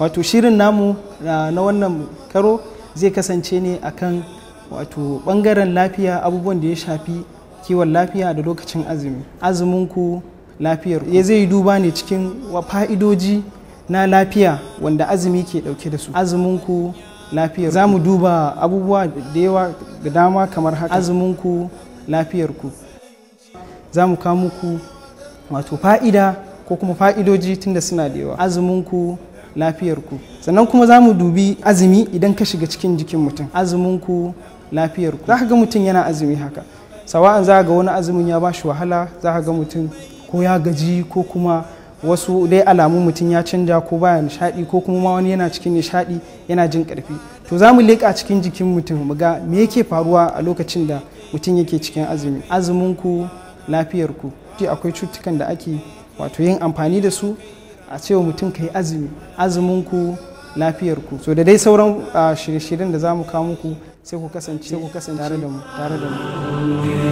wato shirin namu ah, na wannan karo zai kasance ne akan wato bangaren lafiya abubuwan da ya shafi kiwon lafiya da lokacin azumi azumin ku lafiyar ya eh, zai duba ne cikin fa'idoji na lafiya wanda azumi ke dauke da su azumin ku lafiyar za mu duba abubuwa da yawa da dama kamar haka azumin ku lafiyar ku za mu kawo muku wato fa'ida ko kuma fa'idoji tunda suna da yawa azumin ku lafiyarku sannan kuma za mu dubi azumi idan ka shiga cikin jikin mutum azuminku lafiyarku za ka ga mutum yana azumi haka sawa'an za ga wani azumin ya ba shi wahala za ka ga mutum ko ya gaji ko kuma wasu dai alamun mutum ya canja ko baya nishadi ko kuma ma wani yana cikin nishadi yana jin karfi to za mu leƙa cikin jikin mutum mu ga me yake faruwa a lokacin da mutum yake cikin azumi azuminku lafiyarku akwai cutukan da ake wato yin amfani da su a ce wa mutum ka yi azumi azuminku lafiyarku so da dai sauran ah, shirye-shiryen da za mu kawo muku sai ku kasance tare da mu